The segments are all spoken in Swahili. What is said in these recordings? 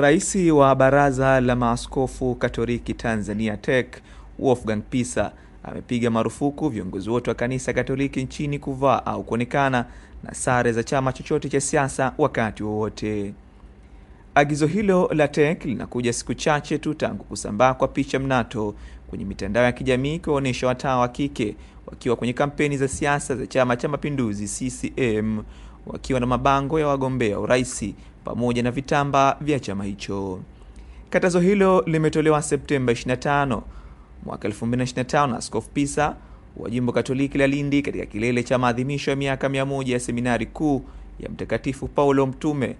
Rais wa Baraza la Maaskofu Katoliki Tanzania TEC Wolfgang Pisa amepiga marufuku viongozi wote wa kanisa Katoliki nchini kuvaa au kuonekana na sare za chama chochote cha siasa wakati wowote. Agizo hilo la TEC linakuja siku chache tu tangu kusambaa kwa picha mnato kwenye mitandao ya kijamii kuwaonyesha watawa wa kike wakiwa kwenye kampeni za siasa za Chama cha Mapinduzi CCM wakiwa na mabango ya wagombea urais pamoja na vitamba vya chama hicho. Katazo hilo limetolewa Septemba 25 mwaka 2025 na Askofu Pisa wa jimbo Katoliki la Lindi katika kilele cha maadhimisho ya miaka 100 ya seminari kuu ya Mtakatifu Paulo Mtume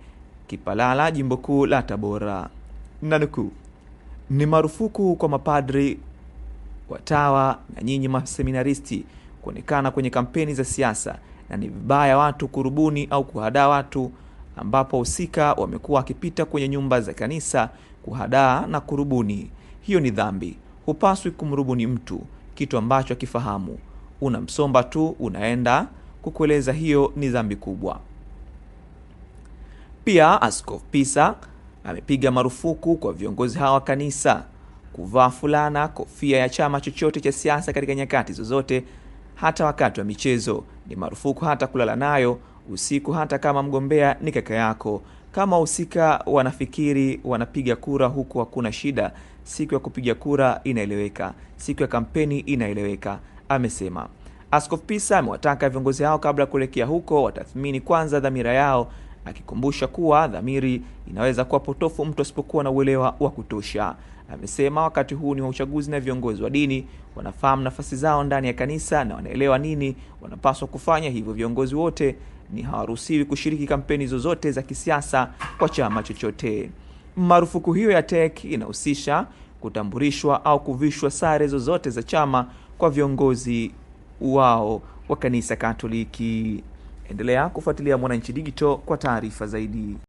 Kipalala, jimbo kuu la Tabora, na ni marufuku kwa mapadri, watawa na nyinyi maseminaristi kuonekana kwenye kampeni za siasa, na ni vibaya watu kurubuni au kuhadaa watu ambapo wahusika wamekuwa wakipita kwenye nyumba za kanisa kuhadaa na kurubuni. Hiyo ni dhambi, hupaswi kumrubuni mtu kitu ambacho akifahamu. Unamsomba tu, unaenda kukueleza, hiyo ni dhambi kubwa. Pia Askofu Pisa amepiga marufuku kwa viongozi hawa wa kanisa kuvaa fulana, kofia ya chama chochote cha siasa katika nyakati zozote, hata wakati wa michezo. Ni marufuku hata kulala nayo usiku, hata kama mgombea ni kaka yako. Kama wahusika wanafikiri wanapiga kura huku hakuna shida, siku ya kupiga kura inaeleweka, siku ya kampeni inaeleweka, amesema. askof Pisa amewataka viongozi hao kabla ya kuelekea huko watathmini kwanza dhamira yao, akikumbusha kuwa dhamiri inaweza kuwa potofu mtu asipokuwa na uelewa wa kutosha. Amesema wakati huu ni wa uchaguzi na viongozi wa dini wanafahamu nafasi zao ndani ya kanisa na wanaelewa nini wanapaswa kufanya, hivyo viongozi wote ni hawaruhusiwi kushiriki kampeni zozote za kisiasa kwa chama chochote. Marufuku hiyo ya TEC inahusisha kutambulishwa au kuvishwa sare zozote za chama kwa viongozi wao wa kanisa Katoliki. Endelea kufuatilia Mwananchi Digital kwa taarifa zaidi.